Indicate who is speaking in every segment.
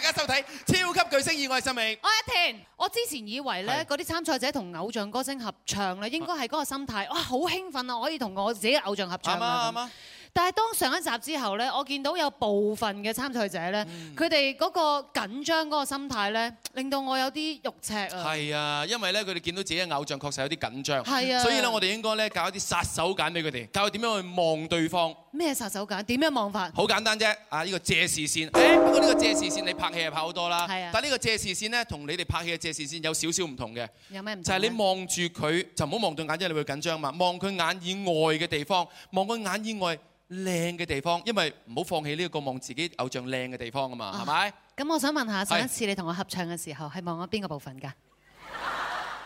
Speaker 1: 大家收睇《超級巨聲意外生命》。我一田，我之前以為咧，嗰啲參賽者同偶像歌星合唱咧，應該係嗰個心態，哇，好興奮啊！可以同我自己的偶像合唱啊嘛啊但係當上一集之後咧，我見到有部分嘅參賽者咧，佢哋嗰個緊張嗰個心態咧，令到我有啲肉赤啊！係啊，因
Speaker 2: 為咧佢哋見到自己嘅偶像確實有啲緊張，係啊，所以咧我哋應該咧搞一啲殺手鐧俾佢哋，教佢點樣去望對方。
Speaker 1: 咩殺手鐧？點樣望法？好
Speaker 2: 簡單啫！啊，呢個借視線。誒、欸，不過呢個借視線你拍戲係拍好多啦。係啊。但呢個借視線咧，同你哋拍戲嘅借視線有少少唔同嘅。有咩唔同？就係、是、你望住佢，就唔好望對眼，因為你會緊張嘛。望佢眼以外嘅地方，望佢眼以外，靚嘅地方，因為唔好放棄呢個望自己偶像靚嘅地方啊嘛，係、啊、咪？
Speaker 1: 咁我想問下，上一次你同我合唱嘅時候，係望咗邊個部分噶？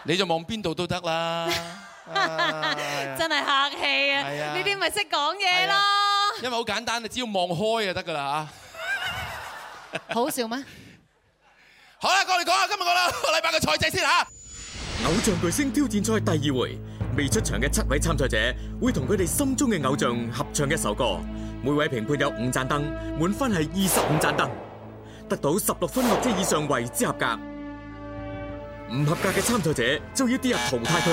Speaker 2: 你就望邊度都得啦、 啊啊。
Speaker 1: 真係客氣啊！呢啲咪識講嘢咯？
Speaker 2: 因為好簡單，你只要望開就得噶啦吓。好笑咩？ 好啦，過嚟講下今日個禮拜嘅賽制先吓。
Speaker 3: 偶像巨聲挑戰賽第二回。未出場嘅七位參賽者會同佢哋心中嘅偶像合唱一首歌。每位評判有五盞燈，滿分係二十五盞燈。得到十六分或者以上為之合格。唔合格嘅參賽者就要跌入淘汰區。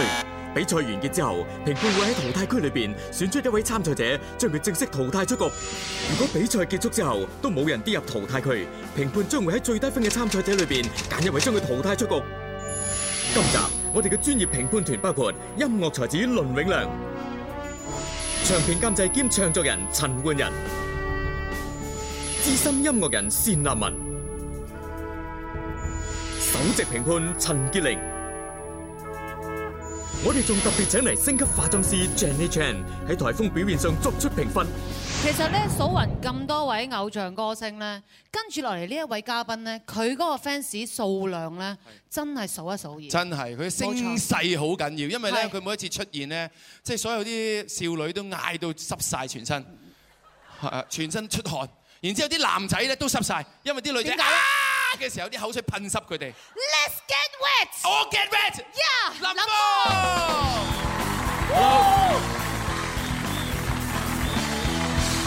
Speaker 3: 比賽完結之後，評判會喺淘汰區裏邊選出一位參賽者，將佢正式淘汰出局。如果比賽結束之後都冇人跌入淘汰區，評判將會喺最低分嘅參賽者裏邊揀一位將佢淘汰出局。今集。我哋嘅專業評判團包括音樂才子倫永亮、唱片監製兼唱作人陳奐仁、資深音樂人單立文、首席評判陳潔靈。我哋仲特別請嚟星級化妝師 Jenny Chan 喺台風表面上作出評分。
Speaker 1: 其實咧，數完咁多位偶像歌星咧，跟住落嚟呢一位嘉賓咧，佢嗰個 fans 數量咧，真係數一數二。真
Speaker 2: 係，佢聲勢好緊要，因為咧，佢每一次出現咧，即係所有啲少女都嗌到濕晒全身，係啊，全身出汗。然之後啲男仔咧都濕晒，因為啲女仔。啊嘅時候，有啲口水噴濕佢哋。
Speaker 4: Let's get wet. All get wet. Yeah. 林峰。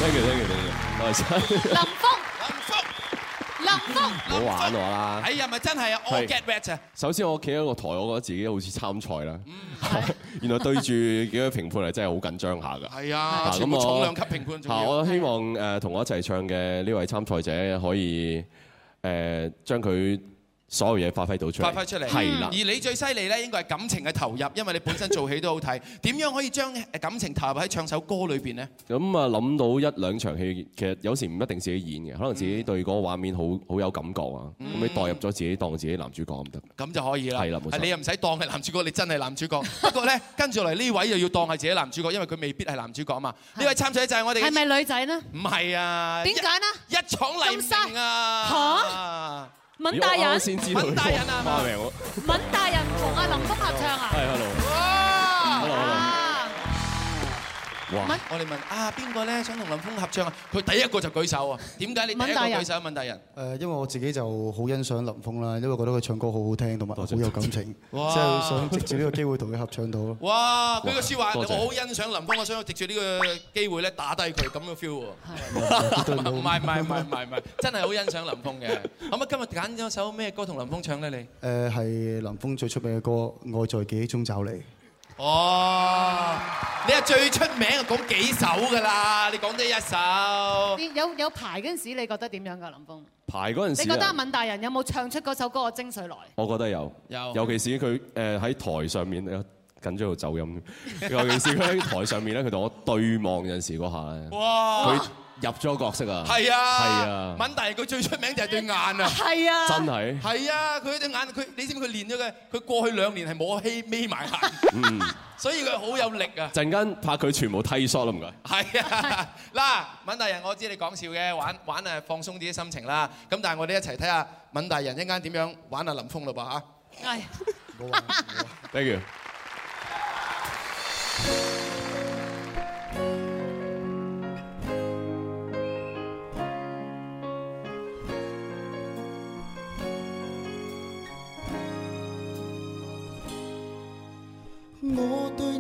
Speaker 4: Thank you,
Speaker 5: thank you, thank you。林
Speaker 6: 峰。林峰。
Speaker 2: 林峰。
Speaker 5: 唔好玩喎啦！哎
Speaker 2: 呀，咪真係啊！All get wet 啫。
Speaker 5: 首先，我企喺個台，我覺得自己好似參賽啦。嗯、 原來對住幾個評判係真係好緊張下㗎。係 啊。 咁啊， 重量級評判。嚇！ 我希望誒同我一齊唱嘅呢位參賽者可以。誒將佢所有嘢發揮到出嚟，發揮出嚟，係啦。而
Speaker 2: 你最犀利咧，應該係感情嘅投入，因為你本身做戲都好睇。點樣可以將誒感情投入喺唱首歌裏邊咧？
Speaker 5: 咁啊，諗到一兩場戲，其實有時唔一定自己演嘅，可能自己對嗰個畫面好好有感覺啊。咁你代入咗自己當自己男主角唔得，咁就可以啦。係啦，
Speaker 2: 冇錯。係你又唔使當係男主角，你真係男主角。不過咧，跟住嚟呢位又要當係自己男主角，因為佢未必係男主角啊嘛。呢位參賽者就係我哋。係咪女仔咧？唔係啊。點解咧？一搶嚟㗎。咁犀啊！嚇～
Speaker 1: 閔大人，
Speaker 2: 知媽媽啊、閔大人啊！
Speaker 1: 花 閔大人同阿林峯合唱啊！係 hello, hello。我哋問
Speaker 2: 啊，邊個咧想同林峯合唱啊？佢第一個就舉手啊！點解你第一個舉手啊？問大人。
Speaker 7: 誒，因為我自己就好欣賞林峯啦，因為覺得佢唱歌好好聽，同埋好有感情，即係、就是、想藉住呢個機會同佢合唱到咯。哇！佢個説話，我好
Speaker 2: 欣賞林峯，我想藉住呢個機會咧打低佢咁嘅 feel 喎。係。唔係唔係唔係唔係，真係好欣賞林峯嘅。咁啊，今日揀咗首咩歌同林峯唱咧？你？
Speaker 7: 誒係林峯最出名嘅歌《愛在記憶中找你》。哦，
Speaker 2: 你係最出名講幾首噶啦？你講得一首。
Speaker 1: 有有排嗰陣時，你覺得點樣噶？林峯
Speaker 7: 排嗰陣
Speaker 5: 時，你覺得阿
Speaker 1: 敏大人有冇唱出嗰首歌嘅精髓來？
Speaker 5: 我覺得有，有。尤其是佢誒喺台上面咧緊張到走音。
Speaker 2: 尤其是佢喺
Speaker 5: 台上面咧，佢同我對望嗰陣時嗰下咧。哇入咗角色啊！係啊！係啊。敏
Speaker 2: 大人佢最出名就係對眼啊！係啊！真係！係啊！佢對眼佢，你知唔知佢練咗嘅？佢過去兩年係冇眯眯埋眼、嗯，所以佢好有力啊！
Speaker 5: 陣間怕佢全部剃鬚啦，唔該。係
Speaker 2: 啊！嗱、啊啊，敏大人，我知你講笑嘅，玩玩啊，放鬆啲心情啦。咁但係我哋一齊睇下敏大人一陣間點樣玩阿林峰嘞？噃
Speaker 5: 嚇。係。不如。不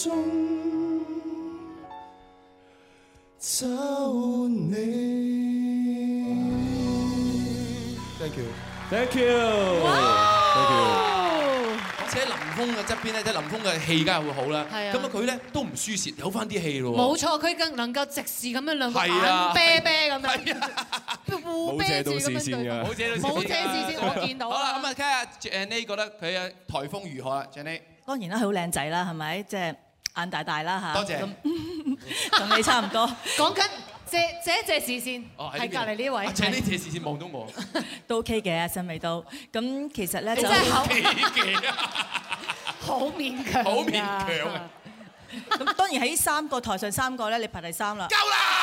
Speaker 4: 中找你。Thank you，Thank you，Thank you。而
Speaker 2: 且林峰嘅側邊咧，即係林峰嘅戲梗係會好啦。係啊。咁啊 yengülest vender 世，佢咧都唔輸蝕，有翻啲戲咯。冇
Speaker 1: 錯，佢更能夠直視咁樣兩個眼啤啤咁樣，互啤住咁樣。
Speaker 2: 冇遮到視線啊！冇遮到視線，我見到啦。咁啊，睇下 Jenny 覺得佢嘅台風如何啦，Jenny。
Speaker 8: 當然啦，佢好靚仔啦，係咪？即係。眼大大啦吓，多謝，咁同你差唔多 說的是。講緊借借一借視線，喺隔離呢位，借呢
Speaker 2: 借視線望到我
Speaker 8: 都 OK 嘅。 新味道，咁其實咧就好好 好勉強，好勉強啊。
Speaker 6: 咁
Speaker 8: 當然喺三個台上三個咧，你排第三啦。夠啦！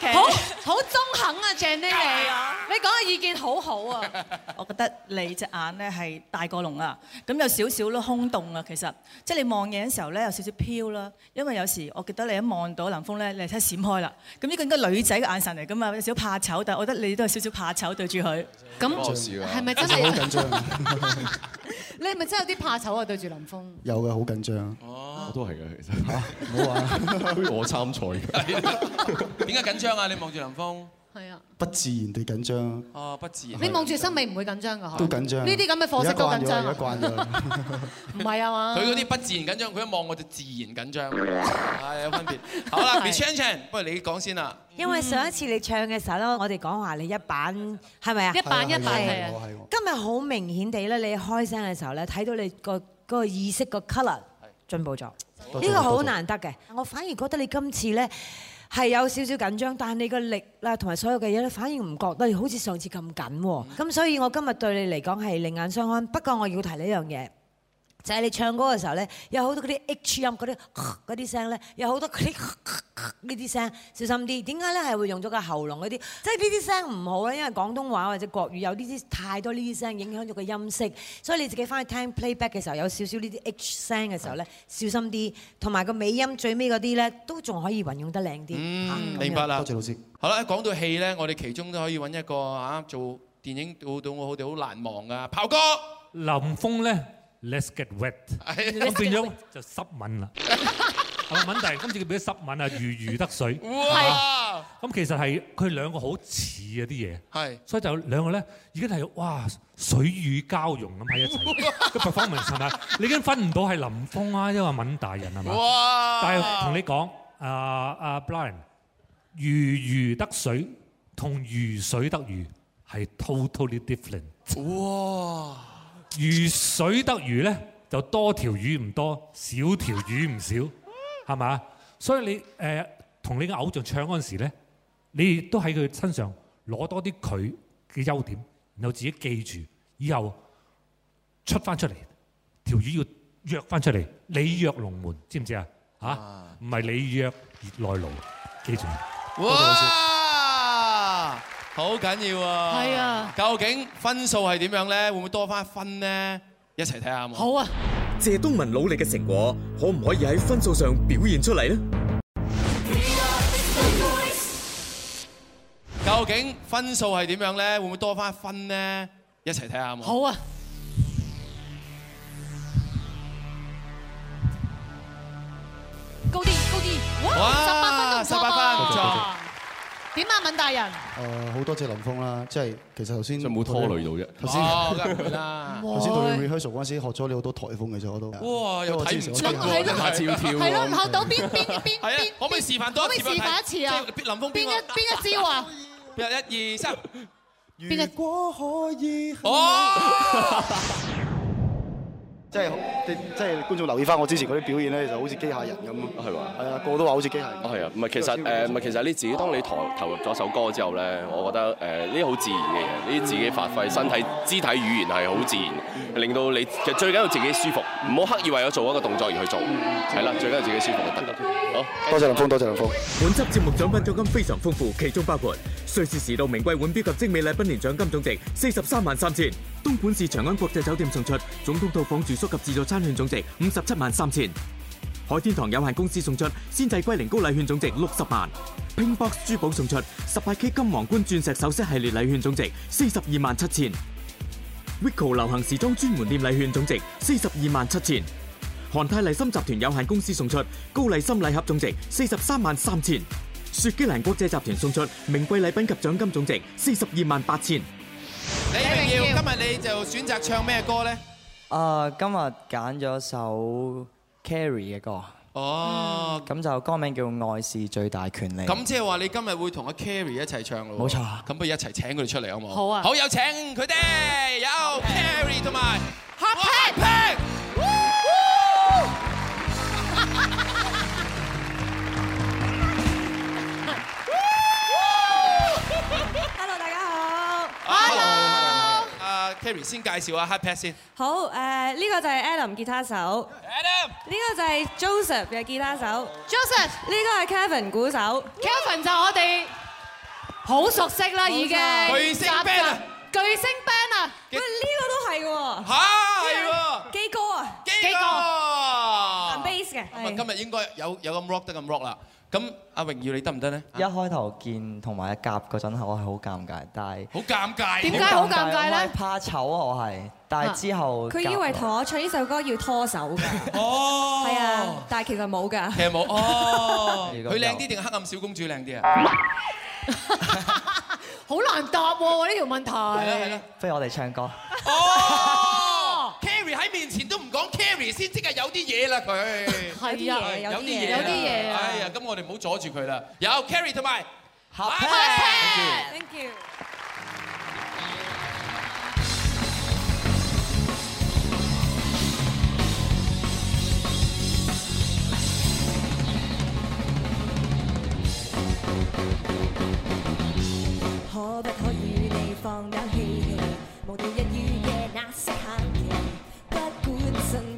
Speaker 8: 好好中肯啊，鄭 i n n 你講嘅意見好好啊。 我覺得你隻眼咧係大過龍啊，咁有少少咯空洞啊，其實即係你望嘢嘅時候咧有少少飄啦，因為有時我記得你一望到林峯咧，你係即刻閃開啦。咁呢個應該女仔嘅眼神嚟㗎嘛，有少少怕醜，但係我覺得你都有少少怕醜對住佢。咁係咪真
Speaker 7: 係？ 你係咪真
Speaker 8: 係有啲怕
Speaker 1: 醜啊？對住林峯，
Speaker 7: 有㗎，好緊
Speaker 5: 張。
Speaker 7: 啊、我都係㗎，其實嚇唔好話我參賽㗎。
Speaker 2: 點解 緊張？張啊！你望住林峯，係啊。不自，不，自
Speaker 7: 不，了了不，不自然地緊張。哦，不自然。你
Speaker 1: 望住森美唔會緊張噶，都緊張。呢啲咁嘅課式都緊張。唔係啊嘛。佢嗰啲
Speaker 2: 不自然緊張，佢一望我就自然緊張，係有分別了好了。好啦你 e c h 不如你講先啦。
Speaker 9: 因為上一次你唱嘅時候，我哋講話你一版，係咪啊？一板一板，係啊，今日好明顯地咧，你開聲嘅時候咧，睇到你個個意識，那個 color 進步咗，呢、這個好難得嘅。我反而覺得你今次咧。係有少少緊張，但你個力啦同埋所有嘅嘢咧，反而唔覺得你好似上次咁緊喎。所以，我今日對你嚟講係另眼相看。不過，我要提呢樣嘢。就係、是、你唱歌嘅時候咧，有好多嗰啲 H 音，嗰啲啲聲咧，有好多呢啲、呃、聲，小心啲。點解咧係會用咗個喉嚨嗰啲？即係呢啲聲唔好咧，因為廣東話或者國語有呢啲太多呢啲聲，影響咗個音色。所以你自己翻去聽 playback 嘅時候，有少少呢啲 H 聲嘅時候咧，小心啲。同埋個尾音最尾嗰啲咧，都仲可以運用得靚啲、嗯。明白
Speaker 2: 啦。
Speaker 10: 多謝老師。
Speaker 2: 好啦，講到戲咧，我哋其中都可以揾一個嚇、啊、做電影，到到我哋好
Speaker 10: 難忘噶。豹哥，林峯咧。Let's get wet，咁變咗就濕吻啦。係咪吻大？今次佢俾濕吻啊，如魚，魚得水。係。咁其實係佢兩個好似啊啲嘢。係。所以就兩個咧，已經係哇水乳交融咁喺一齊。個 performance 係咪？你已經分唔到係林峯啊，因為敏大人係咪？哇！但係同你講，阿、uh, 阿、uh, Brian 如魚，魚得水，同如水得魚係 totally different。哇！如水得魚咧，就多條魚唔多，少條魚唔少，係咪？所以你誒同、呃、你嘅偶像唱嗰陣時咧，你亦都喺佢身上攞多啲佢嘅優點，然後自己記住，以後出翻出嚟條魚要躍翻出嚟，鯉躍龍門知唔知啊？嚇，唔係鯉躍熱內盧，記住。多謝你
Speaker 2: 老師。好緊要啊！係啊！究竟分數係
Speaker 3: 點樣咧？會唔會多翻一分咧？一齊睇下啊！好啊！謝東閔努力嘅成果，可唔可以喺分數上表現出嚟咧？
Speaker 2: 究竟分數係點樣咧？會唔會多翻一分咧？一齊睇下啊！好啊！
Speaker 1: 高啲，高啲！哇！十八分，十八分，冇錯。點啊，敏大人？
Speaker 7: 誒，好多謝林峯啦，即係其實頭先。就冇拖累到啫。頭先。哦。頭先同佢 rehearsal 嗰陣時學咗你好多台風嘅，我都。哇！有睇成我哋跳。係咯，學到邊
Speaker 2: 邊邊，可唔可以示範多？可唔可以示範一次啊？林峯邊一邊一招啊？一、二、
Speaker 1: 三。如果可以。
Speaker 2: 哦。
Speaker 7: 即係即係觀眾留意翻我之前嗰啲表現咧，就好似機械人咁咯。係嘛？係啊，個個都話好似機械
Speaker 5: 人。人。係啊，唔係其實誒，唔、呃、係其實你自己，當你投，投入咗首歌之後咧，我覺得誒呢啲好自然嘅嘢，呢啲自己發揮身體肢體語言係好自然，令到你其實最緊要自己舒服，唔好刻意為咗做一個動作而去做。
Speaker 3: 係啦，最緊要自己舒服就得。好，多謝，謝林峯，多謝，謝林峯。本集節目獎品獎金非常豐富，其中包括。瑞士時度名貴腕表及精美禮賓年獎金總值四十三萬三千；東莞市長安國際酒店送出總統套房住宿及自助餐券總值五十七萬三千；海天堂有限公司送出鮮製龜苓膏禮券總值六十萬；Pink Box 珠寶送出十八 K 金皇冠鑽石首飾系列禮券總值四十二萬七千；Waco 流行時裝專門店禮券總值四十二萬七千；韓泰麗蔘集團有限公司送出高麗蔘禮盒總值四十三萬三千。雪肌蘭國際集團送出名貴禮品及獎金總值四十二萬八千，你
Speaker 2: 明明。你一定要今日你就選擇唱咩歌咧？
Speaker 3: 啊，今日揀咗首
Speaker 4: Kary 嘅歌。哦，咁就歌名叫《愛是最大權利》。咁
Speaker 2: 即係話你今日會同阿 Kary 一齊唱咯？冇錯。咁不如一齊請佢哋出嚟好唔好？好啊！好，有請佢哋，有 Kary 同埋 Kary 先介紹下，Hardpack 先。
Speaker 1: 好，誒呢個就係 Alan 吉他手。Adam，呢個就係 Joseph 嘅吉他手。Joseph，呢個係 Kevin 鼓手。Kevin 就我哋好熟悉啦，已經。巨聲 band 啊！巨聲 band 啊！喂，呢個都係喎。嚇！呢個基哥啊，基哥。撳 bass 嘅。咁
Speaker 2: 啊，今日應該有有咁 rock 得咁 rock 啦。咁阿榮耀你得唔得咧？一開頭
Speaker 4: 見同埋夾嗰陣候我係好尷尬，但係好尷尬。
Speaker 2: 點解好尷尬咧？尬呢
Speaker 4: 怕醜啊我係，但
Speaker 2: 係之後佢以為
Speaker 8: 同我唱呢首歌要拖手㗎。哦，係啊，但係其實冇噶、哦、其實冇
Speaker 11: 哦。佢靚啲定係
Speaker 2: 黑暗小公主靚啲啊？
Speaker 1: 好 難答喎呢條問題。係啦係
Speaker 11: 啦。不如我哋唱歌
Speaker 2: 哦。哦，Kary 喺面前。先即係有啲嘢啦，佢係啊，有啲嘢，有啲嘢，哎呀，咁我哋唔好阻住佢啦，有 Kary 同埋，
Speaker 4: 好
Speaker 6: ，Thank
Speaker 4: you。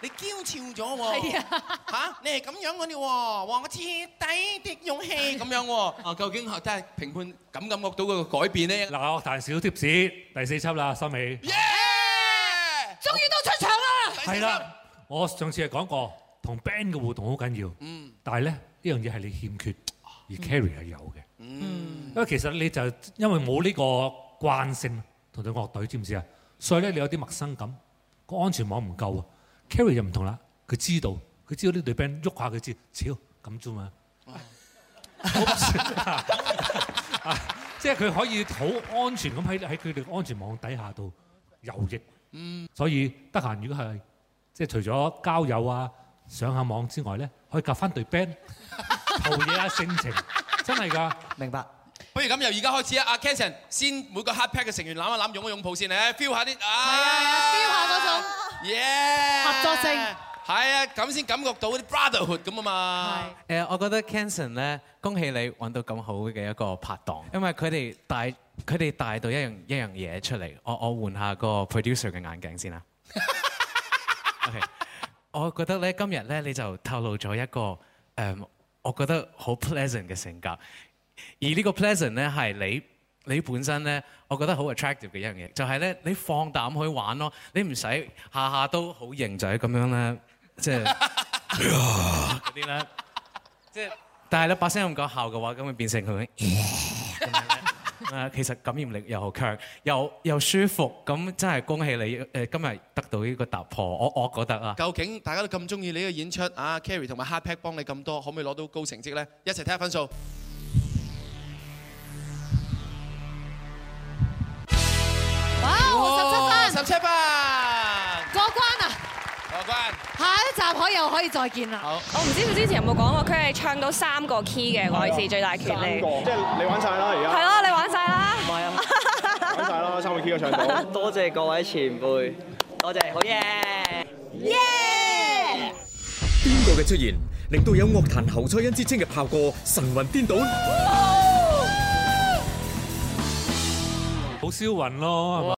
Speaker 2: 你嬌俏咗喎嚇！你係咁樣嗰啲喎，話我徹底的勇氣咁樣
Speaker 10: 喎。啊，究竟嚇真係評判感感覺到佢嘅改變咧？嗱，樂壇小貼士第四輯啦，收尾。耶！
Speaker 4: 終於都出場啦！
Speaker 10: 係啦，我上次係講過同 Band 嘅互動好緊要。嗯。但係咧，呢樣嘢係你欠缺，而 Kary 係有嘅。嗯。因為其實你就因為冇呢個慣性同對樂隊，知唔知啊？所以咧，你有啲陌生感，個安全網唔夠。Kary 就唔同啦，佢知道，佢知道呢隊 band 喐下佢知，屌咁啫嘛，即係佢可以好安全咁喺喺佢哋安全網底下度遊弋，所以得閒如果係即係除咗交友啊、上下網之外咧，可以夾翻隊 band 陶冶下性情，真係㗎。明白，不如咁由而
Speaker 2: 家開始啊，阿 Kenson 先每個 Hardpack 嘅成員攬一攬、擁一擁抱先咧，feel 下啲，係啊，feel 下嗰種。Yeah、合作性，係啊，咁先感覺到啲 brotherhood 咁啊嘛。
Speaker 12: 誒，我覺得 Kenson 咧，恭喜你搵到咁好嘅一個拍檔，因為佢哋帶佢哋帶到一樣一樣嘢出嚟。我我換下個 producer 嘅眼鏡先啦。OK。我覺得咧，今日咧你就透露咗一個誒，我覺得好 pleasant 嘅性格，而呢個 pleasant 咧係你。你本身咧，我覺得好 attractive 嘅一樣嘢，就係、是、咧，你放膽去玩咯，你唔使下下都好型仔咁樣咧，即係
Speaker 6: 嗰啲咧，即係，
Speaker 12: 但係你把聲咁搞笑嘅話，咁會變成佢，誒
Speaker 6: ，
Speaker 12: 其實感染力又好強，又又舒服，咁真係恭喜你誒、呃，今日得到呢個突破，我我覺得啊，
Speaker 2: 究竟大家都咁中意你嘅演出啊，Kary 同埋 Hardpack 幫你咁多，可唔可以攞到高成績咧？一齊睇下分數。
Speaker 1: 十七分，十七分。過關啊！過關！下一集可以又可以再見啦。好，我唔知佢之前有冇講過，佢係唱到三個 key 嘅，我哋是最大權利。三個，即
Speaker 5: 係你玩晒啦，而家。係咯，你玩晒啦。唔係啊，玩晒啦，三個 key 都唱到。多謝各位前輩，
Speaker 11: 多謝，好嘢！耶！
Speaker 3: 邊個嘅出現，令到有樂壇侯賽因之稱嘅豹哥神魂顛倒？
Speaker 10: 好銷魂咯！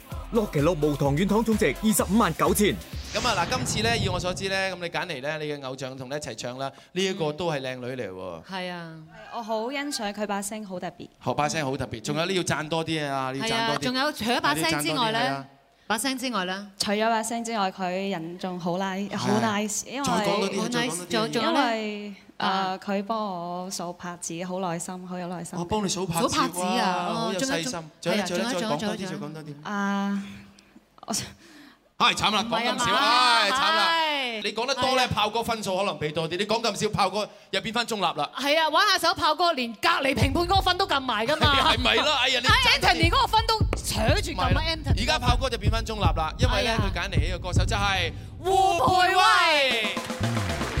Speaker 3: 樂奇樂無糖軟糖總值二十五萬九千。
Speaker 2: 咁啊嗱，今次咧，以我所知咧，咁你揀嚟咧，你嘅偶像同你一齊唱啦，呢一個都係靚女嚟喎。係
Speaker 1: 啊，我好欣賞佢把聲，好特別。
Speaker 2: 佢把聲好特別，仲有你要讚多啲啊！要讚多啲。係啊，仲有除咗把聲之外咧，
Speaker 1: 把聲之外咧，除咗把聲之外，佢人仲好拉，好 nice，因為好 nice，因為。誒，佢幫我
Speaker 13: 數拍子，好耐心，好有耐心。我幫你數拍子，拍子啊，好有細心。仲有，再
Speaker 1: 講
Speaker 2: 多啲，再講多啲。啊，係、啊 uh, 慘
Speaker 1: 啦，講咁少，唉、啊哎，慘啦。
Speaker 2: 你講得多咧，豹、啊、哥分數可能畀多啲。你講咁少，豹哥又變翻中立啦。
Speaker 1: 係啊，玩下手豹哥，連隔離評判嗰個分都撳埋噶嘛。係咪咯？哎呀 Anthony 嗰個分
Speaker 9: 都
Speaker 2: 扯住撳啊，而家豹哥就變翻中立啦，因為咧佢揀嚟起嘅歌手就係
Speaker 6: 胡
Speaker 9: 蓓蔚。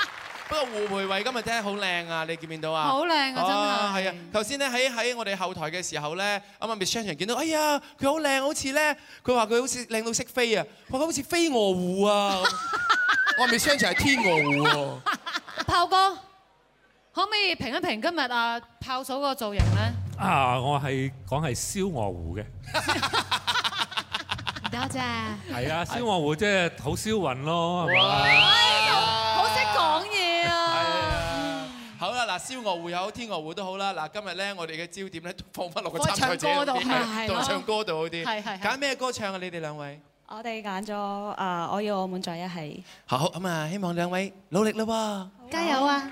Speaker 2: 不過胡蓓蔚今日真係好靚啊！你見唔見到啊、嗯？好靚啊！真係。啊，頭先咧喺喺我哋後台嘅時候咧，咁啊 Michelle 見到，哎呀，佢好靚，好似咧，佢話佢好似靚到識飛啊！佢好似飛鵝湖啊！我話 Michelle 係
Speaker 10: 天鵝湖喎。
Speaker 1: 豹哥，可唔可以評一評今日啊豹嫂個造型咧？
Speaker 10: 啊，我係講係燒鵝湖嘅。
Speaker 1: 唔多謝。
Speaker 10: 係啊，燒鵝湖即係好燒魂咯，係
Speaker 2: 嗱，燒鵝會有，天鵝湖都好啦。嗱，今日咧，我哋嘅焦點咧，放翻落個參賽者嗰啲，都喺唱歌度好啲。揀咩歌唱啊？你哋兩位，
Speaker 13: 我哋揀咗啊！我要我們在一起。
Speaker 2: 好咁啊，希望兩位努力咯，
Speaker 1: 加油啊！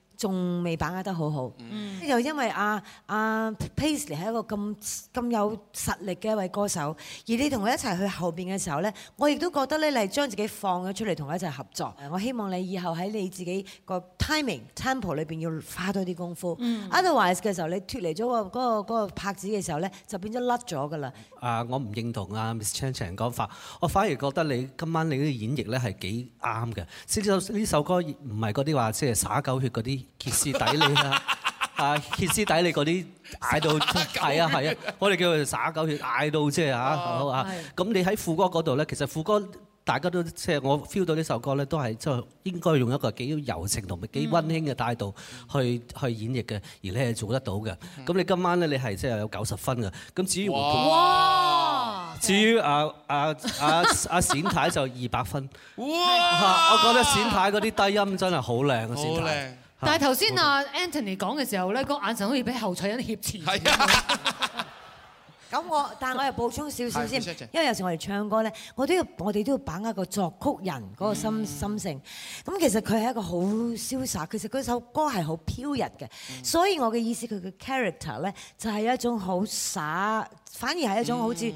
Speaker 9: 仲未把握得好好、嗯，又因為阿、啊、阿、啊、Paisley 係一個咁咁有實力嘅一位歌手，而你同佢一齊去後邊嘅時候咧，我亦都覺得咧，你係將自己放咗出嚟同佢一齊合作。我希望你以後喺你自己個 timing tempo 裏邊要花多啲功夫，otherwise 嘅時候你脫離咗、嗰個嗰、嗰個拍子嘅時候咧，就變咗甩咗㗎啦。
Speaker 14: 啊、呃，我唔認同阿 Miss Chan Chan 嘅講法，我反而覺得你今晚你啲演繹咧係幾啱嘅。呢呢首歌唔係嗰啲話即係灑狗血嗰啲。歇斯底里啦，啊，歇斯底里嗰啲嗌到，係啊係啊，我哋叫佢撒狗血嗌到，即係嚇，好啊。咁你喺副歌嗰度咧，其實副歌大家都即係我 feel 到呢首歌咧，都係即係應該用一個幾柔情同埋幾溫馨嘅態度去去演繹嘅，而你係做得到嘅。咁你今晚咧，你係即係有九十分嘅。咁至於，哇，至於阿阿阿阿冼太就二百分，
Speaker 1: 哇，
Speaker 14: 我覺得冼太嗰啲低音真係好靚啊，冼太太。但係頭
Speaker 9: 先啊 Anthony 講嘅時候咧，個眼神好似俾後台人脅持。係 啊，咁我但係我又補充少少先， 因為有時我哋唱歌咧，我都要我哋都要把握個作曲人嗰個心、嗯、心性。咁其實佢係一個好瀟灑，其實嗰首歌係好飄逸嘅、嗯。所以我嘅意思他的，佢嘅 character 咧就係一種好灑，反而係一種好似，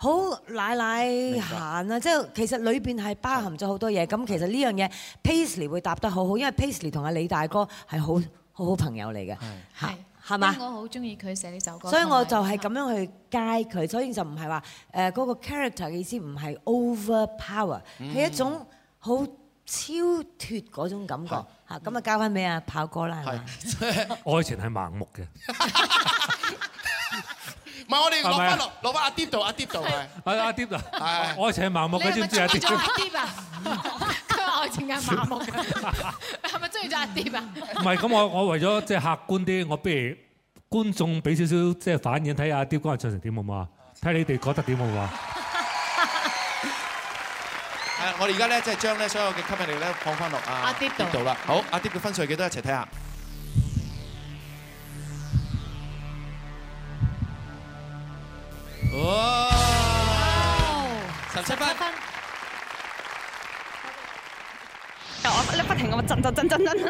Speaker 9: 好奶奶閒啊！即係其實裏邊係包含咗好多嘢。咁其實呢樣嘢 Paisley 會答得好好，因為 Paisley 同阿李大哥係好好好朋友嚟嘅。係係嘛？
Speaker 8: 我好中意佢寫呢首歌。所以我就係
Speaker 9: 咁樣去介佢，所以就唔係話誒嗰個 character 嘅意思唔係 overpower，係、嗯、一種好超脫嗰種感覺嚇。咁啊交翻咩啊？炮哥啦。係
Speaker 10: 愛情係盲目嘅。
Speaker 9: 唔係
Speaker 2: 我哋落翻落，
Speaker 10: 落翻阿 Deep 度，阿 Deep 度係，係阿 Deep 度係，愛情係盲目嘅，知唔知啊？中意阿 Deep
Speaker 1: 啊？佢話愛情係盲目嘅，係咪中意咗阿 Deep 啊？唔 係，
Speaker 10: 咁 我 我為咗即係客觀啲，我不如觀眾俾少少即係反應，睇下阿 Deep 個人唱成點好唔好啊？睇下你哋覺得點好唔好
Speaker 2: 啊？誒， 我哋而家咧即係將咧所有嘅吸引力咧放翻落啊，阿 Deep 度啦，好，阿 Deep 嘅分數係幾多？一齊睇下。
Speaker 1: 哇！十七分， P -P -P 我咧不停咁震震
Speaker 13: 震
Speaker 8: 震震，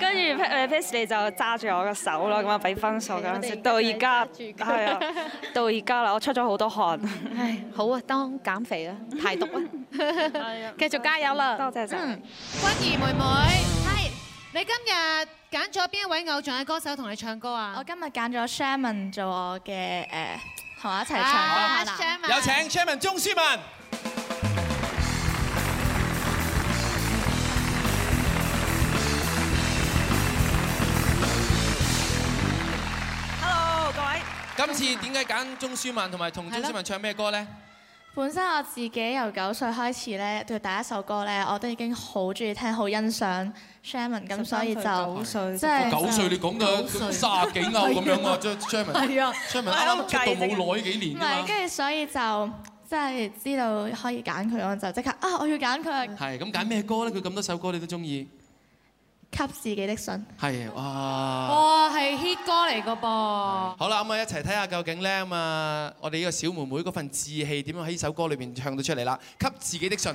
Speaker 8: 跟
Speaker 13: 住 Pasty 就揸住我個手咯，咁啊俾分數嗰陣時，到而家係啊，
Speaker 1: 到而家啦，我出咗好多汗，唉， 好啊，當減肥啊，排毒啊，繼續加油啦！多謝晒，筠怡妹妹，係你今日揀咗邊一位偶像嘅歌手同你唱歌啊？我今日揀咗 Sherman 做我嘅誒。同我一齊唱歌。好，有
Speaker 2: 請 Sherman 鍾舒漫。Hello，各位。今次點解揀鍾舒漫同埋同鍾舒漫唱咩歌咧？
Speaker 13: 本身我自己由九歲開始咧，對第一首歌咧，我都已經好中意聽，好欣賞。Sherman 咁，所以就九歲，即係九歲。你講嘅卅
Speaker 2: 幾歐咁樣啊，Sherman，Sherman
Speaker 13: 出道冇耐呢幾年。唔係，跟住所以就即係知道可以揀佢，我就即刻啊！
Speaker 1: 我要揀佢。
Speaker 2: 係咁，揀咩歌咧？佢咁多首歌，你都中意？
Speaker 1: 給自己的信。
Speaker 2: 係哇！哇，
Speaker 1: 係 hit 歌嚟嘅噃。
Speaker 2: 好啦，咁我一齊睇下究竟 Lam 啊，我哋呢個小妹妹嗰份志氣點樣喺呢首歌裏邊唱到出嚟啦？給自己的信。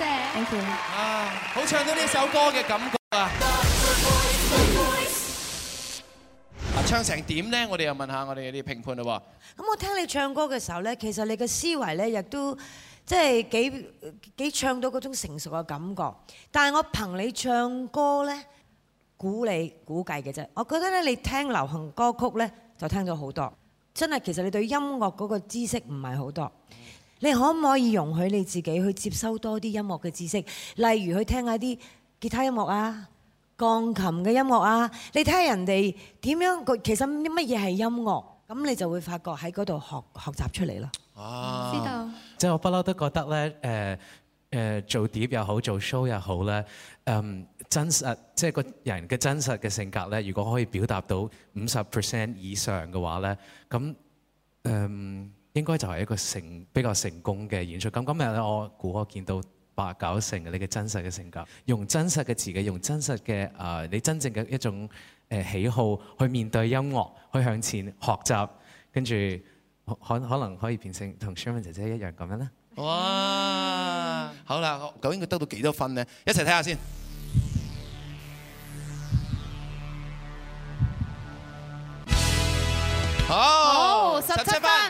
Speaker 13: thank you
Speaker 2: 啊，好唱到呢首歌嘅感覺啊！唱成點呢？我哋又問下我哋啲評判咯喎。
Speaker 9: 咁我聽你唱歌嘅時候呢，其實你嘅思維呢，亦都即係、即係、幾幾唱到嗰種成熟嘅感覺。但係我憑你唱歌呢，估你估計嘅啫。我覺得呢，你聽流行歌曲呢，就聽咗好多。真係，其實你對音樂嗰個知識唔係好多。你可唔可以容許你自己去接收多啲音樂嘅知識，例如去聽下啲吉他音樂啊、鋼琴嘅音樂啊，你睇下人哋點樣？佢其實乜嘢係音樂，咁你，你就會發覺喺嗰度學學習出嚟咯。
Speaker 12: 哦、啊，知道。即係我不嬲都覺得咧，誒、呃、誒、呃、做碟又好，做 show 又好咧，嗯、呃，真實即係個人嘅真實嘅性格咧，如果可以表達到五十 percent 以上嘅話咧，咁嗯。呃應該就係一個成比較成功嘅演出。咁今日咧，我估我見到八九成嘅你嘅真實嘅性格，用真實嘅自己，用真實嘅誒，你真正嘅一種誒喜好去面對音樂，去向前學習，跟住可可能可以變成同 Sherman 姐姐一樣咁樣啦。
Speaker 6: 哇！
Speaker 2: 好啦，我究竟佢得到幾多分呢？一齊睇下先。好，
Speaker 1: 十七分。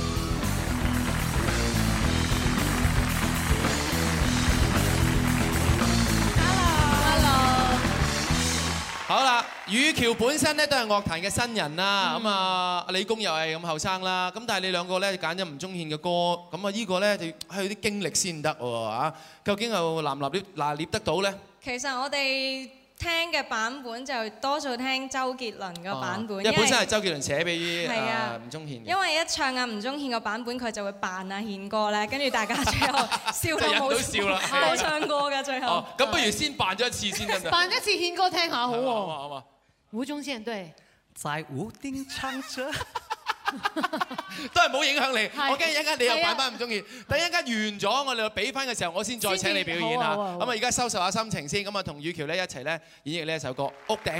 Speaker 2: 好啦，羽翹本身咧都係樂壇嘅新人啦，咁啊李恭又係咁後生啦，咁但係你兩個咧揀咗吳宗憲嘅歌，咁啊呢個咧要睇佢啲經歷先得喎嚇，究竟又拿捏拿捏得到咧？
Speaker 8: 其實我哋聽嘅版本就多數聽周杰倫嘅版本，啊，因為本身係
Speaker 2: 周杰倫寫俾於啊，啊吳宗憲因
Speaker 8: 為一唱啊吳宗憲嘅版本，佢就會扮啊憲哥咧，跟住大家最後笑都
Speaker 2: 好笑，到笑，冇唱歌嘅最後。咁、啊、不如先扮咗一次先啊！扮
Speaker 1: 一次憲哥聽下好喎。吳宗憲對，
Speaker 2: 在屋
Speaker 4: 頂唱著。
Speaker 2: 都係冇影響你，我驚一陣間你又擺返唔中意，等一陣間完咗，我哋又俾翻嘅時候，我先再請你表演啊！咁啊，而家收拾下心情先，咁啊，同羽翹咧一齊咧演繹呢一首歌《屋頂》。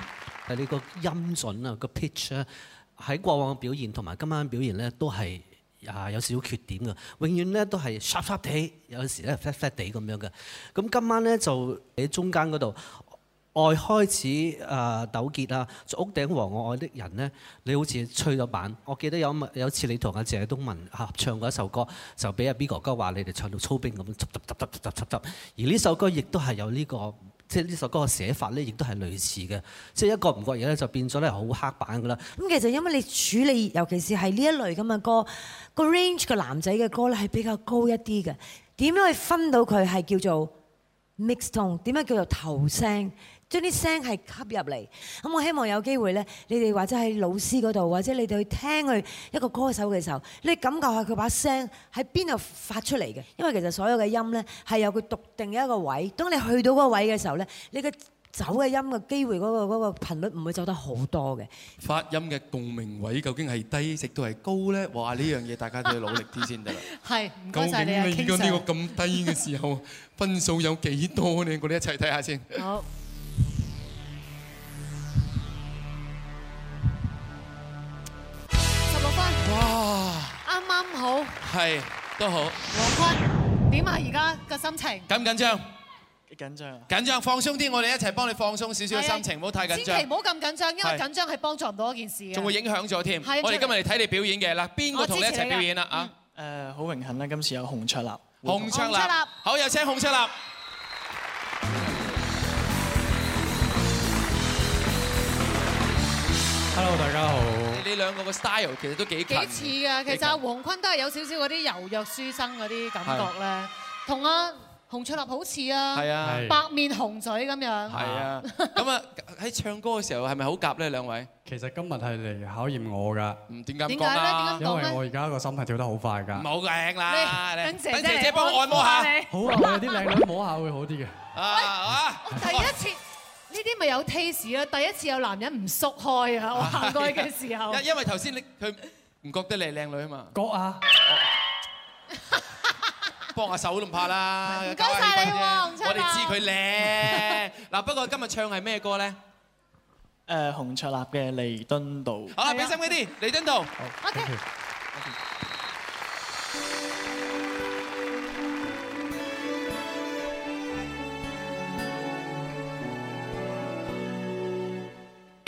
Speaker 14: 係你，嗰個音準啊，個 pitch 咧，喺過往嘅表現同埋今晚嘅表現咧，都係啊有少少缺點嘅，永遠咧都係 sharp sharp 地，有時咧 fat fat 地咁樣嘅。咁今晚咧就喺中間嗰度，愛開始啊糾結啊，做屋頂和我愛的人咧，你好似吹咗板。我記得有有一次你同阿謝東閔合唱過一首歌，就俾阿 B 哥哥話你哋唱到操兵咁，執執執執執執執，而呢首歌亦都係有呢、呢個。即係呢首歌嘅寫法咧，亦都係類似嘅。即係一個唔覺嘢咧，就變咗咧好黑板噶啦。咁
Speaker 9: 其實因為你處理，尤其是係呢一類咁嘅歌，個 range 嘅男仔嘅歌咧係比較高一啲嘅。點樣去分到佢係叫做 mix tone？點樣叫做頭聲？將啲聲係吸入嚟，咁我希望有機會咧，你哋或者喺老師嗰度，或者你哋去聽佢一個歌手嘅時候，你感覺下佢把聲喺邊度發出嚟嘅？因為其實所有嘅音咧係有佢讀定嘅一個位，當你去到嗰個位嘅時候咧，你嘅走嘅音嘅機會嗰個嗰個頻率唔會走得好多嘅。
Speaker 2: 發音嘅共鳴位究竟係低，直到係高咧？哇！呢樣嘢大家都要努力啲先得啦。
Speaker 1: 係，唔該曬你哋傾。究竟呢個
Speaker 2: 咁低嘅時候，分數有幾多 你我哋一齊睇下先。
Speaker 1: 好。啊，啱啱好，係
Speaker 2: 都好。鴻鈞，
Speaker 1: 點啊？而家個心情
Speaker 2: 緊唔緊張？緊張。緊張，放鬆啲，我哋一齊幫你放鬆少少心情，唔好太緊張。千祈唔好
Speaker 1: 咁緊張，因為緊張係幫助唔到一件事嘅。仲會影響咗添。我哋今日嚟睇
Speaker 2: 你表演嘅啦，邊個同你一齊表演啊？啊？
Speaker 4: 誒，好榮幸啦，今次有洪卓立。洪
Speaker 1: 卓立，
Speaker 2: 好，有請洪卓立。Hello，大家好。你兩個嘅 style 其實都幾似
Speaker 1: 㗎，其實阿鴻鈞都係有少少嗰啲柔弱書生嗰啲感覺咧，同阿洪卓立好似啊，白面紅嘴咁樣。
Speaker 2: 係啊，咁啊喺唱歌嘅時候係咪好夾咧？兩位？其
Speaker 7: 實今日係嚟考驗我㗎，唔點解唔講啦？因為我而家個心係跳得好快㗎。唔好靚啦，等姐姐幫我按摩下，好啊，啲靚女摸下會好啲嘅。
Speaker 1: 喂，啊！我第一次。呢啲咪有 taste 咯！第一次有男人唔縮開啊，我
Speaker 11: 行過去嘅時候。因因為頭先
Speaker 2: 你佢唔覺得你係靚女啊嘛。
Speaker 1: 覺
Speaker 11: 啊！Oh.
Speaker 2: 幫下手都唔怕啦。唔該晒你喎，我哋知佢靚。嗱，不過今日唱係咩歌咧？
Speaker 7: 誒，洪卓立嘅《彌
Speaker 3: 敦道》。好
Speaker 2: 啦，俾心機啲《彌敦道》。好。O K。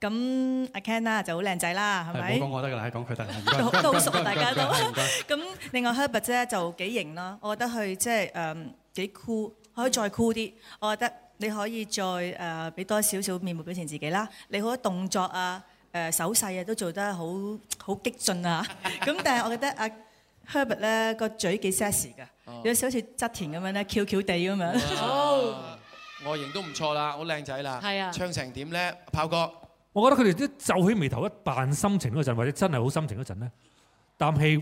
Speaker 8: 咁阿 Ken 啦就好靚仔啦，係咪？講
Speaker 7: 我得㗎啦，講佢得。都好熟啊，大家都。
Speaker 8: 咁另外 Herbert 咧就幾型咯，我覺得佢即係誒幾酷，可以再酷啲。我覺得你可以再誒俾多少少面目表情自己啦。你好多動作啊、誒手勢啊都做得好好激進啊。咁但係我覺得阿 Herbert 咧個嘴幾 sexy 㗎，有少少似側田咁樣咧翹翹地咁樣。好，
Speaker 2: 外形都唔錯啦，好靚仔啦。係
Speaker 8: 啊，唱
Speaker 10: 成點咧，豹哥？我覺得佢哋都皺起眉頭，一扮心情嗰陣，或者真係好心情嗰陣咧，啖氣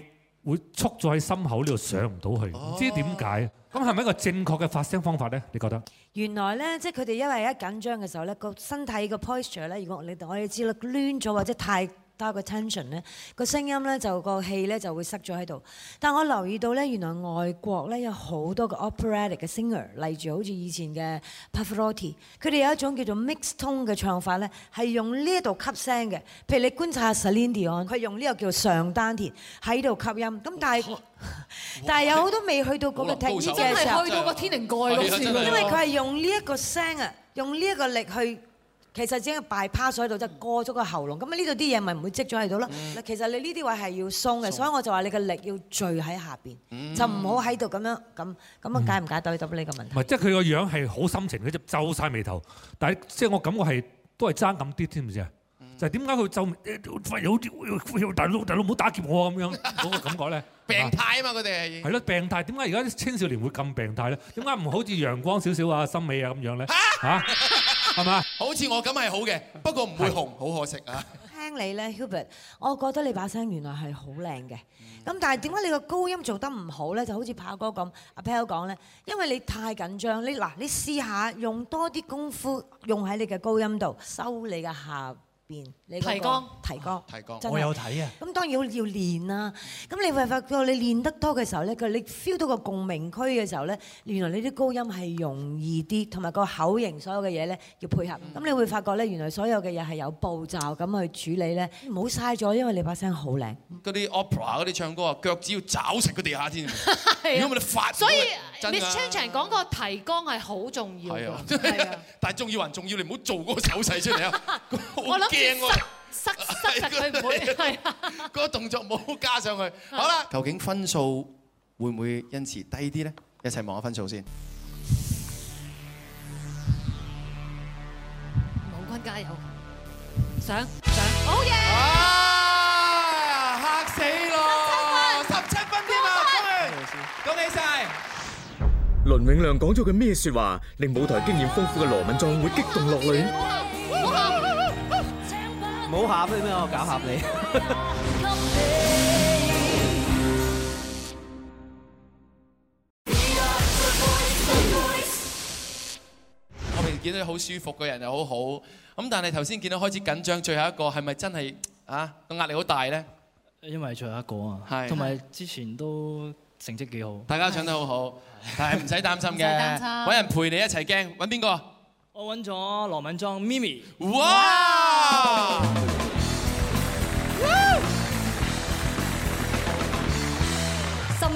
Speaker 10: 會縮咗喺心口呢度上唔到去，唔知點解。咁係咪一個正確嘅發聲方法咧？你覺得？
Speaker 9: 原來咧，即係佢哋因為一緊張嘅時候咧，個身體個 posture 咧，如果你我哋知啦，攣咗或者太。打個 tension 咧，個聲音咧就、個氣咧就會塞咗喺度。但我留意到咧，原來外國咧有好多個 operatic 嘅 singer，例如好似以前嘅 Pavarotti，佢哋有一種叫做 mixed tone 嘅唱法咧，係用呢一度吸聲嘅。譬如你觀察下 Celine Dion，佢用呢個叫做上丹田喺度吸音。咁但係但係有好多未去到嗰個梯，已經係去到個天靈蓋度，因為佢係用呢一個聲啊，用呢一個力去。其實只係擺趴咗喺度，即係、過咗個喉嚨，咁啊呢度啲嘢咪唔會積咗喺度咯。嗯、其實你呢啲位係要鬆嘅，所以我就話你嘅力要聚喺下邊，嗯、就唔好喺度咁樣咁咁啊，解唔解到咁你個問題、
Speaker 10: 嗯？即係佢個樣係好深情，佢就皺晒眉頭，但係即係我感覺係都係爭咁啲知唔知啊。就點解佢就費有啲大佬大佬唔好打劫我咁樣，嗰個感覺咧，病
Speaker 2: 態啊嘛！佢哋係係
Speaker 10: 咯，病態。點解而家啲青少年會咁病態咧？點解唔好似陽光少少啊、森美啊咁樣咧嚇？係嘛？好似我咁係好嘅，不過唔會紅，好可惜啊。
Speaker 9: 聽你咧，Hubert，我覺得你把聲原來係好靚嘅。咁但係點解你個高音做得唔好咧？就好似豹哥咁，阿 Pearl 講咧，因為你太緊張。你嗱，你試下用多啲功夫用喺你嘅高音度，收你嘅下。你提光，提光，提光。我有睇啊！咁當然要，要練啦。咁你會發覺你練得多嘅時候咧，佢你 feel 到個共鳴區嘅時候咧，原來你啲高音係容易啲，同埋個口型所有嘅嘢咧要配合。咁你會發覺咧，原來所有嘅嘢係有步驟咁去處理咧。唔好嘥咗，因為你把聲好靚。
Speaker 2: 嗰啲 opera 嗰啲唱歌啊，腳趾要抓實個地下先。如 果唔係你發，所以。Miss Cha
Speaker 1: 講個提肛係好重要，係啊，
Speaker 2: 但係重要還重要，你唔好做嗰個手勢出嚟
Speaker 1: 啊！我諗失失失失佢，係啊，嗰
Speaker 2: 個動作冇加上去。好啦，究竟分數會唔會因此低啲咧？一齊望下分數先。
Speaker 6: 吳筠加油！
Speaker 1: 上上，好嘢！嚇死我！
Speaker 2: 十七分，十七分添啊！恭喜，恭喜晒！
Speaker 3: 倫永亮講咗句咩說話，令舞台經驗豐富嘅羅敏莊會激動落淚？
Speaker 6: 唔好喊，
Speaker 14: 唔好喊，咩咩我搞下你。
Speaker 2: 我平時見到好舒服嘅人又好好，咁但係頭先見到開始緊張，最後一個係咪真係啊，個壓力好大咧？
Speaker 11: 因為最後一個啊，同埋之前都。成績幾好，大
Speaker 2: 家唱得好好，是但係唔使擔心嘅。揾人陪你一齊驚，揾邊個？
Speaker 11: 我揾咗羅敏
Speaker 2: 莊 Mimi，
Speaker 6: 哇。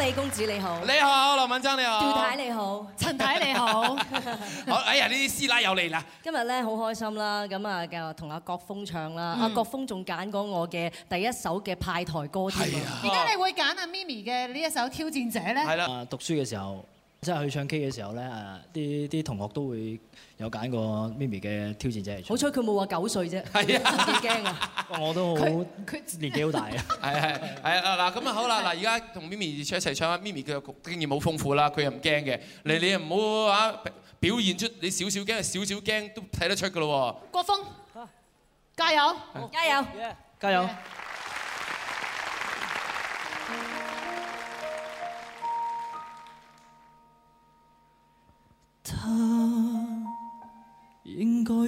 Speaker 13: 李公子你
Speaker 2: 好，你好，羅敏莊你好，杜太，太你
Speaker 13: 好，陳太，太你好，
Speaker 2: 好。哎呀，呢啲師奶又嚟啦！
Speaker 13: 今日咧好開心啦，咁啊，就同阿國峰唱啦，阿、嗯、國峰仲揀過我嘅第一首嘅派
Speaker 11: 台歌添喎。而
Speaker 1: 家、啊、你會揀阿 Mimi 嘅呢一首《挑戰者》呢
Speaker 13: 咧？係啦，
Speaker 11: 讀書嘅時候。即係去唱 K 嘅時候咧，啲啲同學都會有揀過 Mimi 嘅挑戰者。好彩佢冇話九歲啫，係啊，幾驚啊！我都好，佢年紀好大啊！係
Speaker 2: 係係啊，嗱咁啊好啦嗱，而家同 Mimi 一齊唱啦，Mimi 嘅經驗好豐富啦，佢又唔驚嘅。你你又唔好啊，表現出你少少驚，少少驚都睇得出噶咯
Speaker 11: 喎。
Speaker 1: 國峰，加油！加油！加油！
Speaker 11: 加油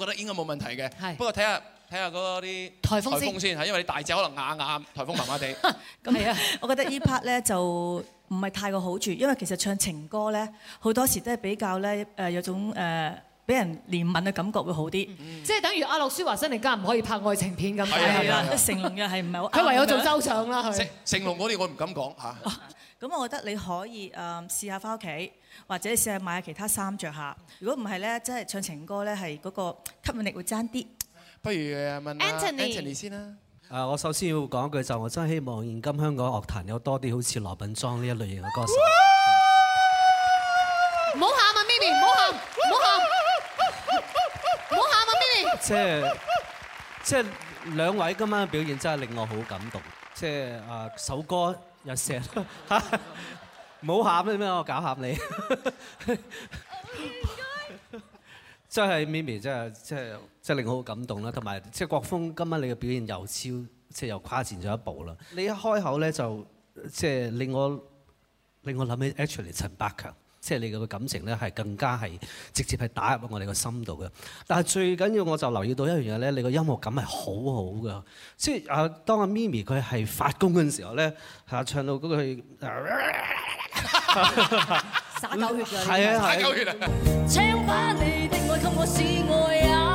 Speaker 8: 我覺得應該冇問題嘅，係不過睇下睇下嗰啲颱風先，
Speaker 2: 因為你大隻可能硬硬，颱風麻麻地。
Speaker 8: 係啊，我覺得這呢 part 咧就唔係太過好處，因為其實唱情歌咧好多時都係比較咧誒有種誒俾、呃、人憐憫嘅感覺會好啲。嗯、即係等於阿諾舒華辛力加唔可以拍愛情片咁係啦。成龍嘅係唔係佢唯有做州長啦。成成龍嗰啲我唔敢講嚇。 咁我覺得你可以誒試下翻屋企，或者試下買下其他衫著下。如果唔係咧，即係唱情歌咧，係嗰個吸引力會爭啲。不如問 Anthony 先啦。
Speaker 14: 誒，我首先要講一句就，我真係希望現今香港樂壇有多啲好似羅敏莊呢一類型嘅歌手。
Speaker 1: 唔好喊啊，MiMi！唔好喊，唔好喊！
Speaker 4: 唔好喊啊，MiMi！
Speaker 6: 即係即
Speaker 14: 係兩位今晚嘅表現真係令我好感動。即係誒首歌。入石嚇，冇喊咩咩，我搞喊你真，真係 Mimi，真係真係真令我好感動啦，同埋即係國峰，今晚你嘅表現又超，即係又跨前咗一步啦。你一開口咧，就即係令我令我諗起，actually 陳百強。即、就、係、是、你個感情咧，係更加係直接係打入我哋個心度嘅。但係最緊要我就留意到一樣嘢咧，你個音樂感係好好嘅。即係、那個、啊，當阿 MiMi 佢係發功嗰陣時候咧，係唱到嗰句，撒
Speaker 4: 狗血
Speaker 14: 㗎，
Speaker 4: 撒狗血、啊。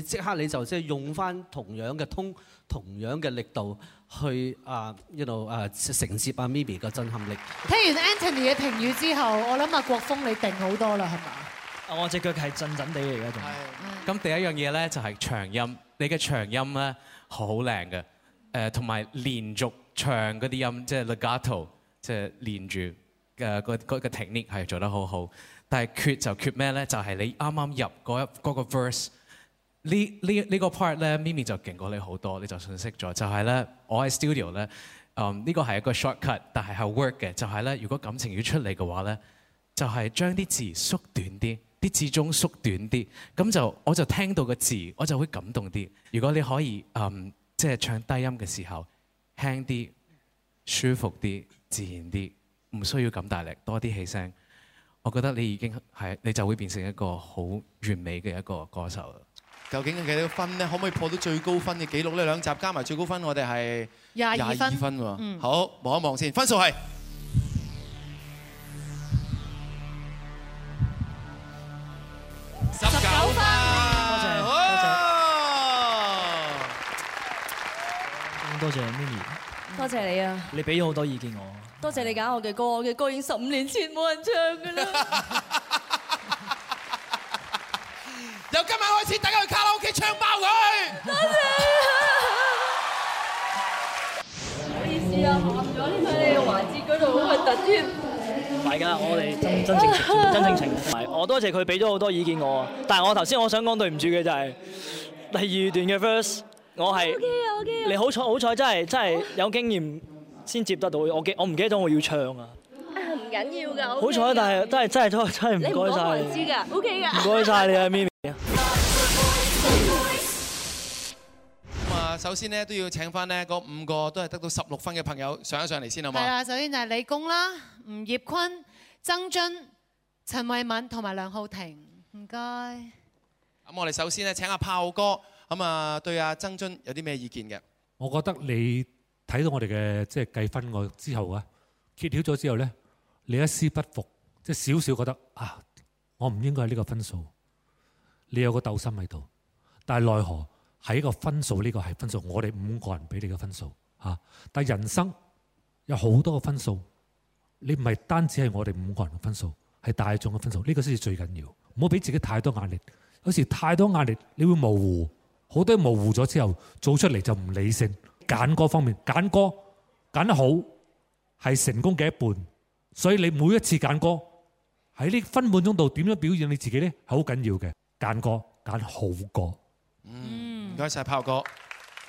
Speaker 14: 即刻你就即係用翻同樣嘅通、同樣嘅力度去啊，呢度啊，承接阿 Mimi 嘅震撼力。
Speaker 1: 聽完 Anthony 嘅評語之後，我諗啊，國峰你定好多
Speaker 11: 啦，係嘛？
Speaker 14: 我隻腳係震震地嚟嘅，仲係。咁第一樣嘢咧就係長音，
Speaker 12: 你嘅長音咧好靚嘅。誒同埋連續長嗰啲音，即係 legato，即係連住嘅，那個個個 technique 係做得好好。但係缺就缺咩咧？就係你啱啱入一嗰個 verse。這這這個、呢呢呢個 part 咧，MiMi 就勁過你好多。你就熟悉咗就係、是、咧，我喺 studio 咧，嗯呢、這個係一個 shortcut，但係係 work 嘅。就係、是、咧，如果感情要出嚟嘅話咧，就係將啲字縮短啲，啲字中縮短啲咁，就我就聽到個字，我就會感動啲。如果你可以嗯即係唱低音嘅時候輕啲舒服啲、自然啲，唔需要咁大力，多啲氣聲，我覺得你已經係你就會變成一個好完美嘅一個歌手。
Speaker 2: 究竟幾多分呢？可唔可以破到最高分嘅紀錄呢？兩集加埋最高分，我哋係
Speaker 9: 廿二分。好，
Speaker 2: 望一望先，分數係十九
Speaker 13: 分。
Speaker 11: 多謝，多謝。多謝 Mimi。多謝你啊！你俾咗好多意見我。
Speaker 13: 多謝你揀我嘅歌，我嘅歌已經十五年前冇人唱㗎啦。由今晚開始，大家去卡拉 OK 唱爆佢！多謝。唔 好意思啊，學咗呢個環
Speaker 10: 節嗰度好核突添。
Speaker 11: 大家，我哋真真正真正真正情唔係。 我多謝佢俾咗好多意見我。但係我頭先我想講對唔住嘅就係第二段嘅 verse，我係。Okay, okay. 你好彩好彩，真係真係有經驗先接得到。我我唔記得咗我要唱啊。唔
Speaker 13: 緊要㗎。好彩，但係真係真係真係唔該
Speaker 11: 晒。
Speaker 8: 唔知㗎，O K 嘅。唔該
Speaker 11: 晒你啊，Mimi。
Speaker 2: 咁啊，首先咧，都要請翻呢嗰五個都係得到十六分嘅朋友上一上嚟先，好嘛？係啦，
Speaker 1: 首先就係李恭啦、吳業坤、曾津、陳慧敏同埋梁浩庭，唔該。
Speaker 2: 咁我哋首先咧，請阿炮哥咁啊，對阿曾津有啲咩意見嘅？
Speaker 10: 我覺得你睇到我哋嘅即係計分我之後啊，揭曉咗之後呢，你一絲不服，即係少少覺得啊，我唔應該係呢個分數。你有個鬥心喺度，但係奈何喺個分數呢個係分數。我哋五個人俾你嘅分數吓，但人生有好多個分數，你唔係單止係我哋五個人嘅分數，係大眾嘅分數。呢個先至最緊要，唔好俾自己太多壓力。有時太多壓力，你會模糊，好多模糊咗之後做出嚟就唔理性。揀歌方面，揀歌揀得好係成功嘅一半，所以你每一次揀歌喺呢分半鐘度點樣表現你自己呢？係好緊要嘅。揀歌，揀好歌。嗯，唔該
Speaker 2: 晒炮哥。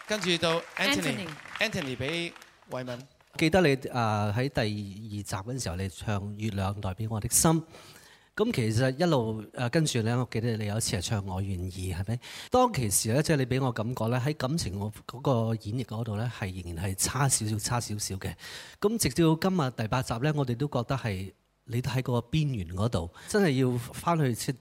Speaker 2: 跟住到 Anthony，Anthony 俾慧敏。
Speaker 10: 記得你
Speaker 14: 啊喺第二集嗰陣時候，你唱《月亮代表我的心》。咁其實一路誒跟住咧，我記得你有一次係唱《我願意》，係咪？當其時咧，即係你俾我感覺咧，喺感情我嗰個演繹嗰度咧，係仍然係差少少，差少少嘅。咁直至到今日第八集咧，我哋都覺得係你都喺個邊緣嗰度，真係要翻去先。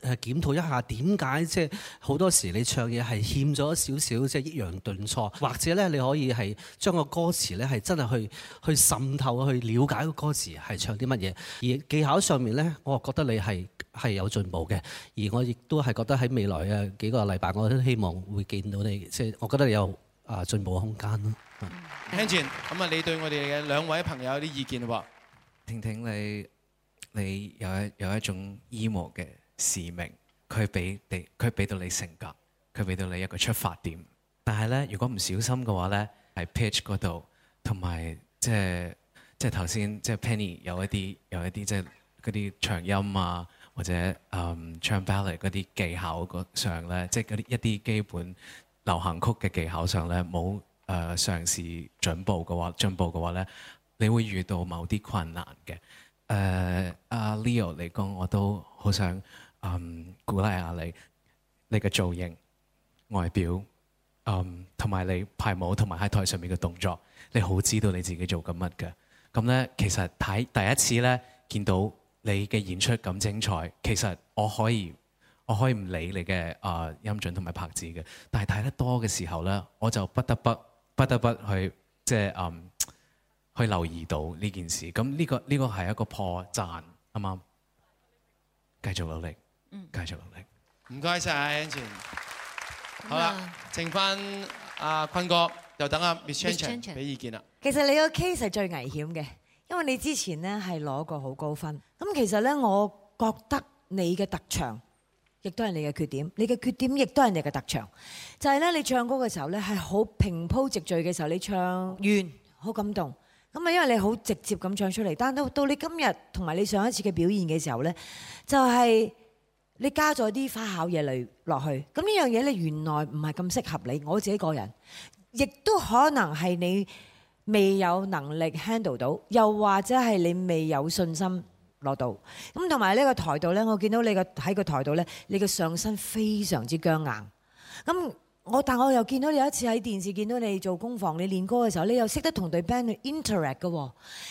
Speaker 14: 係檢討一下，點解即係好多時你唱嘢係欠咗少少，即係抑揚頓挫，或者咧你可以係將個歌詞咧係真係去去滲透去了解個歌詞係唱啲乜嘢。而技巧上面咧，我覺得你係係有進步嘅。而我亦都係覺得喺未來嘅幾個禮拜，我都希望會見到你。即係我覺得你有啊進步嘅空間咯。
Speaker 2: a 咁啊，Angie，你對我哋嘅兩位朋友有啲意見喎？
Speaker 14: 婷婷，你你有一有一種
Speaker 12: emo 嘅。使命佢俾地佢俾到你性格，佢俾到你一個出發點。但係咧，如果唔小心嘅話咧，喺 pitch 嗰度，同埋即係即係頭先即係 Penny 有一啲有一啲即係嗰啲長音啊，或者嗯唱 ballad 嗰啲技巧上咧，即係啲一啲基本流行曲嘅技巧上咧，冇誒嘗試進步嘅話進步嘅話咧，你會遇到某啲困難嘅。誒、呃、阿、啊、Leo 嚟講，我都好想。嗯、um,，鼓勵下你，你嘅造型、外表，嗯，同埋你排舞，同埋喺台上面嘅動作，你好知道你自己做緊乜嘅。咁咧，其實睇第一次咧，見到你嘅演出咁精彩，其實我可以，我可以唔理你嘅啊、uh, 音準同埋拍子嘅。但係睇得多嘅時候咧，我就不得不，不得不去即係嗯，就是 um, 去留意到呢件事。咁呢個呢個係一個破綻，啱唔啱？繼續努力。嗯，繼續努力。
Speaker 2: 唔該晒，阿恩泉。
Speaker 9: 好啦，
Speaker 2: 剩翻阿坤哥，又等阿 Michelle 俾意見啦。
Speaker 9: 其實你個 case 係最危險嘅，因為你之前呢係攞過好高分。咁其實呢，我覺得你嘅特長，亦都係你嘅缺點。你嘅缺點亦都係你嘅特長，就係呢，你唱歌嘅時候呢係好平鋪直敘嘅時候，你唱完好感動。咁啊，因為你好直接咁唱出嚟。但到到你今日同埋你上一次嘅表現嘅時候呢，就係、是。你加咗啲花巧嘢嚟落去，咁呢樣嘢咧原來唔係咁適合你。我自己個人，亦都可能係你未有能力 handle 到，又或者係你未有信心落到。咁同埋呢個台度呢，我見到你個喺個台度呢，你嘅上身非常之僵硬。咁我但我又見到你有一次喺電視見到你做工房，你練歌嘅時候，你又識得同對 band interact 嘅。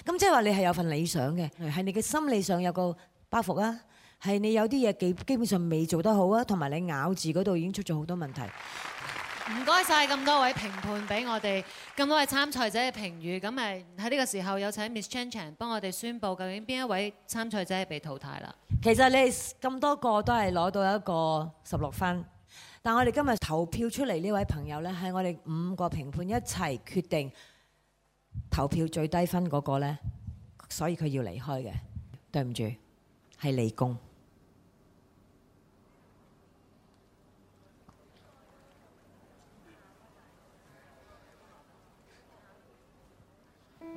Speaker 9: 咁即係話你係有份理想嘅，係你嘅心理上有個包袱啊。係你有啲嘢基基本上未做得好啊，同埋你咬字嗰度已經出咗好多問題。
Speaker 1: 唔該晒咁多位評判俾我哋咁多位參賽者嘅評語，咁咪喺呢個時候有請 Miss Chan Chan 幫我哋宣佈究竟邊一位參賽者係被淘汰啦。
Speaker 9: 其實你咁多個都係攞到一個十六分，但我哋今日投票出嚟呢位朋友呢，係我哋五個評判一齊決定投票最低分嗰個呢，所以佢要離開嘅。對唔住，係李恭。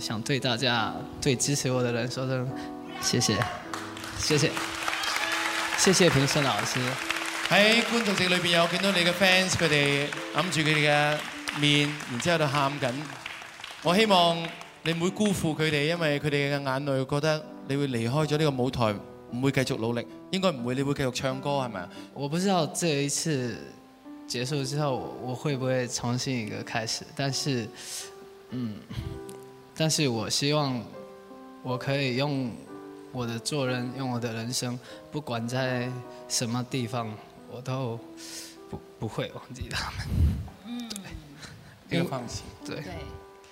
Speaker 11: 想對大家、對支持我的人說聲謝謝，謝謝，謝謝評審老師。
Speaker 2: 喺觀眾席裏邊有見到你嘅 fans，佢哋揞住佢哋嘅面，然之後就喊緊。我希望你唔會辜負佢哋，因為佢哋嘅眼淚覺得你會離開咗呢個舞台，唔會繼續努力，應該唔會，你會繼續唱歌係咪
Speaker 11: 啊？我不知道這一次結束之後，我會不會重新一個開始？但是，嗯。.但是我希望，我可以用我的做人，用我的人生，不管在什麼地方，我都不，不會忘記他們。嗯，應該放心。對，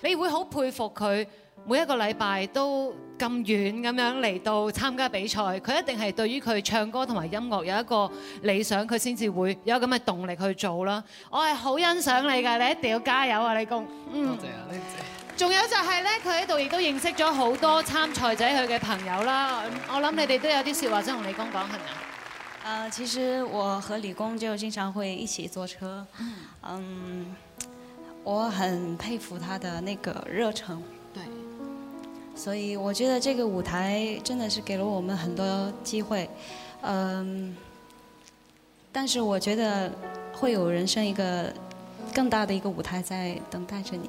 Speaker 1: 你會好佩服佢每一個禮拜都咁遠咁樣嚟到參加比賽。佢一定係對於佢唱歌同埋音樂有一個理想，佢先至會有咁嘅動力去做啦。我係好欣賞你噶，你一定要加油啊，李恭。嗯。謝謝謝謝。仲有就係咧，佢喺度亦都認識咗好多參賽者佢嘅朋友啦。我諗你哋都有啲說話想同李恭講，係咪啊？誒，其實我和李恭就經常會一起坐車，嗯。我
Speaker 13: 很佩服他的那個熱誠，對。所以，我覺得這個舞台真的是給了我們很多機會，嗯。但是，我覺得會有人生一個更大的一個舞台在等待着你。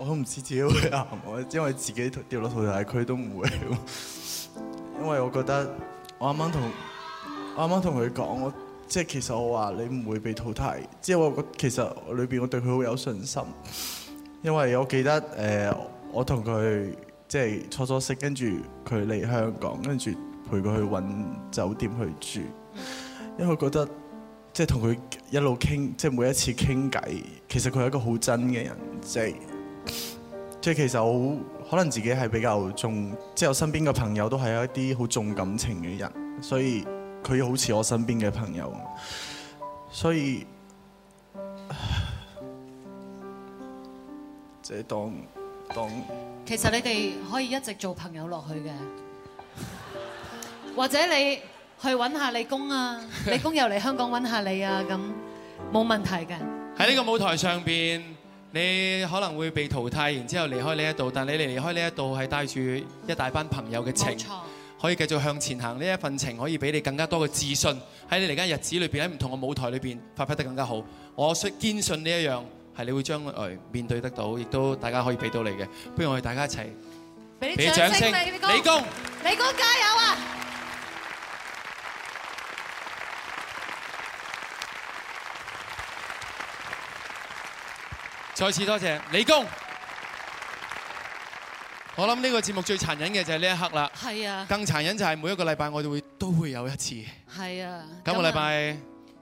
Speaker 7: 我都唔知自己會癌，我因為自己掉落淘汰區都唔會。因為我覺得我啱啱同我啱啱同佢講，我即係其實我話你唔會被淘汰。即係我覺得其實裏邊我裡面對佢好有信心，因為我記得誒，我同佢即係初初識，跟住佢嚟香港，跟住陪佢去揾酒店去住。因為我覺得即係同佢一路傾，即係每一次傾偈，其實佢係一個好真嘅人，即係。即係其實我，可能自己係比較重，即係我身邊嘅朋友都係一啲好重感情嘅人，所以佢好似我身邊嘅朋友，所以即係當當。其實你哋
Speaker 1: 可以一直做朋友落去嘅，或者你去搵下你公啊，你公又嚟香港搵下你啊，咁冇問題嘅。
Speaker 2: 喺呢個舞台上邊。你可能會被淘汰，然之後離開呢一度，但你嚟離開呢一度係帶住一大班朋友嘅情，可以繼續向前行。呢一份情可以俾你更加多嘅自信，喺你嚟緊日子裏邊，喺唔同嘅舞台裏邊發揮得更加好。我堅信呢一樣係你會將來面對得到，亦都大家可以俾到你嘅。不如我哋大家一齊，
Speaker 1: 俾啲掌聲，李恭，李恭加油！
Speaker 2: 再次多謝李工，我諗呢個節目最殘忍嘅就係呢一刻啦。係啊，更殘忍就係每一個禮拜我哋會都會有一次。
Speaker 1: 係啊，今個禮拜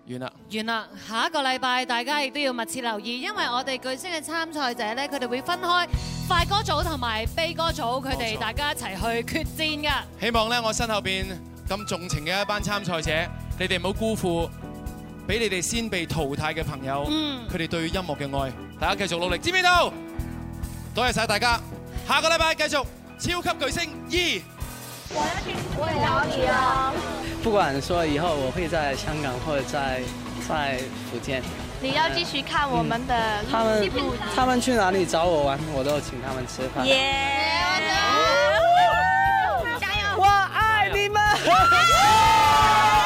Speaker 1: 完啦。完啦，下一個禮拜大家亦都要密切留意，因為我哋巨聲嘅參賽者呢，佢哋會分開快歌組同埋悲歌組，佢哋大家一齊去決戰㗎。希
Speaker 2: 望呢，我身後邊咁重情嘅一班參賽者，你哋唔好辜負，俾你哋先被淘汰嘅朋友，佢、嗯、哋對於音樂嘅愛，大家繼續努力，知、嗯、唔知道？多謝晒大家，下個禮拜繼續超級巨聲二。
Speaker 4: 我要去我鼓找你
Speaker 11: 啊！不管說以後我會在香港，或者在在福建，
Speaker 13: 你要繼續看我們的錄製舞，他們他們，
Speaker 11: 去哪裡找我玩，我都請他們吃飯。耶！
Speaker 4: 加油！我愛你們。